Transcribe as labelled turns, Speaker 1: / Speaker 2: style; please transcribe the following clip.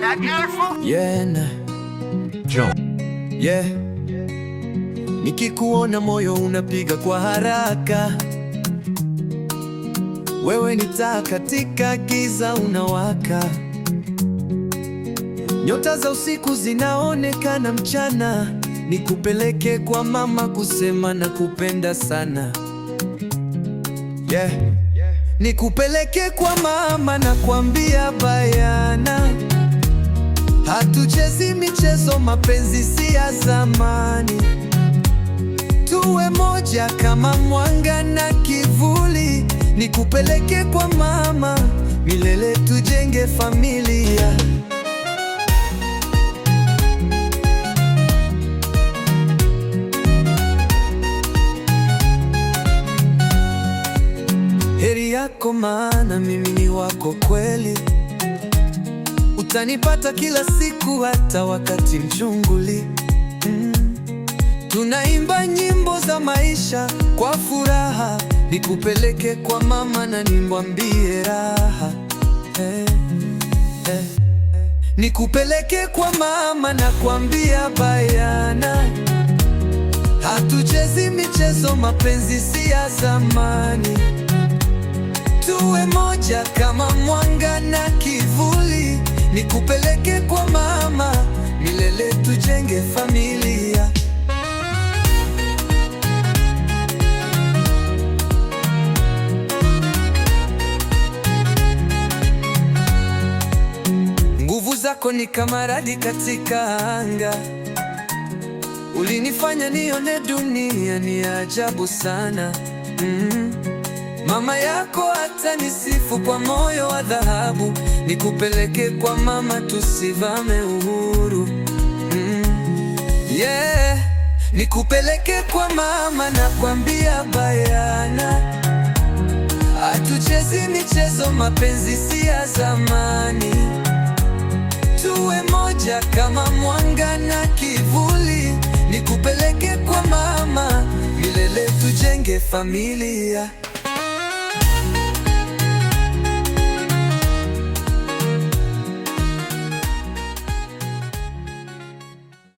Speaker 1: That beautiful? Yeah, na. John. Yeah. Nikikuona moyo unapiga kwa haraka, wewe ni taa katika giza, unawaka. Nyota za usiku zinaonekana mchana, nikupeleke kwa mama kusema na kupenda sana. Yeah nikupeleke kwa mama na kuambia bayana, hatuchezi michezo, mapenzi si ya zamani, tuwe moja kama mwanga na kivuli. Nikupeleke kwa mama milele, tujenge familia yako, maana mimi ni wako kweli. Utanipata kila siku, hata wakati mchunguli. Mm. Tunaimba nyimbo za maisha kwa furaha, nikupeleke kwa mama na nimwambie raha eh, eh. Nikupeleke kwa mama na kuambia bayana, hatuchezi michezo, mapenzi si ya zamani pamoja kama mwanga na kivuli, nikupeleke kwa mama, milele tujenge familia. Nguvu zako ni kama radi katika anga, ulinifanya nione dunia ni ajabu sana mm. Mama yako atanisifu kwa moyo wa dhahabu, nikupeleke kwa mama tusivame uhuru. Mm. Yeah. Nikupeleke kwa mama na kwambia bayana, atuchezi michezo, mapenzi si ya zamani, tuwe moja kama mwanga na kivuli. Nikupeleke kwa mama milele, tujenge familia.